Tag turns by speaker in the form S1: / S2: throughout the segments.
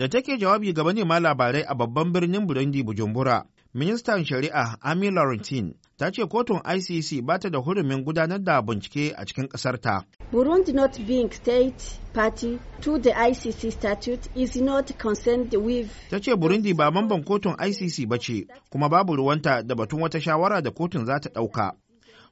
S1: Da take jawabi ga ma labarai a babban birnin Burundi Bujumbura, ministan shari'a Ami Laurentin ta ce kotun ICC ba ta da hurumin gudanar da bincike a cikin ƙasar ta.
S2: Burundi not being state party to the ICC statute is not concerned with
S1: Ta ce Burundi ba mamban kotun ICC ba ce kuma babu ruwanta da batun wata shawara da kotun za ta ɗauka.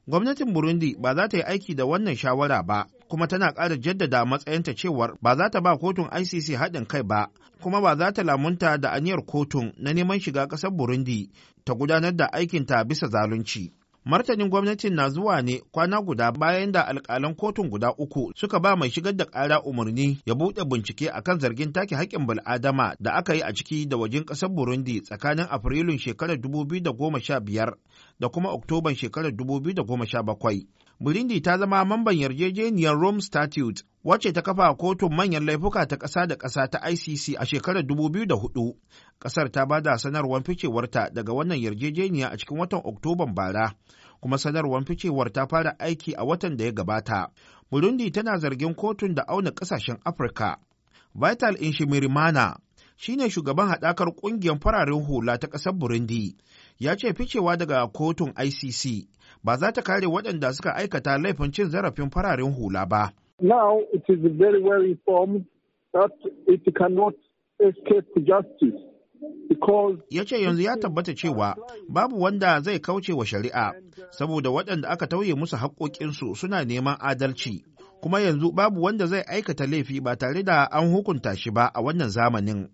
S1: Gwamnatin Burundi ba za ta yi aiki da wannan shawara ba. kuma tana ƙara jaddada matsayinta cewar ba za ta ba kotun ICC haɗin kai ba, kuma ba za ta lamunta da aniyar kotun na neman shiga ƙasar Burundi ta gudanar da aikinta bisa zalunci. Martanin gwamnatin na zuwa ne kwana guda bayan da alƙalan kotun guda uku suka ba mai shigar da ƙara umarni ya buɗe bincike akan zargin take haƙƙin bil'adama da aka yi a ciki da wajen ƙasar Burundi tsakanin Afrilun shekarar 2015 da kuma Oktoban shekarar 2017. Burundi ta zama mamban yarjejeniyar Rome Statute wacce ta kafa kotun manyan laifuka ta ƙasa da ƙasa ta ICC a shekarar 2004. Ƙasar ta ba da sanarwar ficewarta daga wannan yarjejeniya a cikin watan Oktoban bara, kuma sanarwar ficewar ta fara aiki a watan da ya gabata. Burundi tana zargin kotun da auna ƙasashen Afirka. Vital Inshimirimana shine shugaban haɗakar ƙungiyar fararen hula ta ƙasar Burundi, ya ce ficewa daga kotun ICC ba za ta kare waɗanda suka aikata laifin cin zarafin fararen hula ba. Now it is very well informed that it cannot escape justice. Ya ce yanzu ya tabbata cewa babu wanda zai kauce wa shari'a saboda waɗanda aka tauye musu haƙoƙinsu suna neman adalci kuma yanzu babu wanda zai aikata laifi ba tare da an hukunta shi ba a wannan zamanin.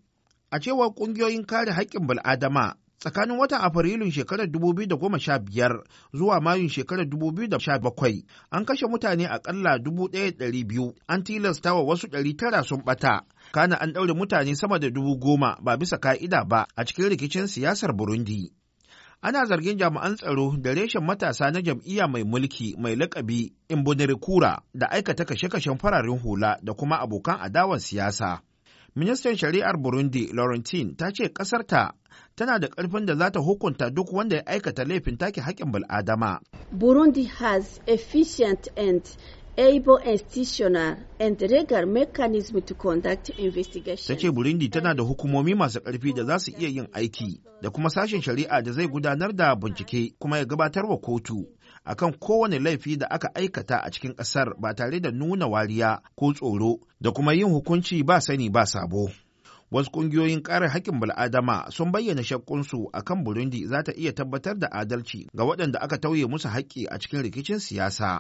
S1: A cewar ƙungiyoyin kare haƙƙin bil'adama tsakanin watan Afrilun shekarar 2015 zuwa Mayun shekarar 2017 an kashe mutane akalla 1,200 an tilasta wa wasu 900 sun bata. Kana an ɗaure mutane sama da dubu goma ba bisa ka'ida ba a cikin rikicin siyasar Burundi. Ana zargin jami'an tsaro da reshen matasa na jam'iyya mai mulki mai lakabi Imbonirikura da aikata kashe-kashen fararen hula da kuma abokan adawar siyasa. Ministan Shari'ar Burundi Laurentin ta ce ƙasarta tana da ƙarfin da za ta hukunta duk wanda ya aikata laifin take haƙƙin bil'adama.
S2: Burundi has efficient and able institutional and regular mechanism to conduct investigation.
S1: Ta ce Burundi tana da hukumomi masu ƙarfi da za su iya yin aiki da kuma sashen shari'a da zai gudanar da bincike kuma ya gabatar wa kotu. akan kowane laifi da aka aikata a cikin ƙasar ba tare da nuna wariya ko tsoro da kuma yin hukunci ba sani ba sabo. Wasu ƙungiyoyin ƙarar haƙƙin bal'adama sun bayyana shakkunsu a kan Burundi za ta iya tabbatar da adalci ga waɗanda aka tauye musu haƙƙi a cikin rikicin siyasa.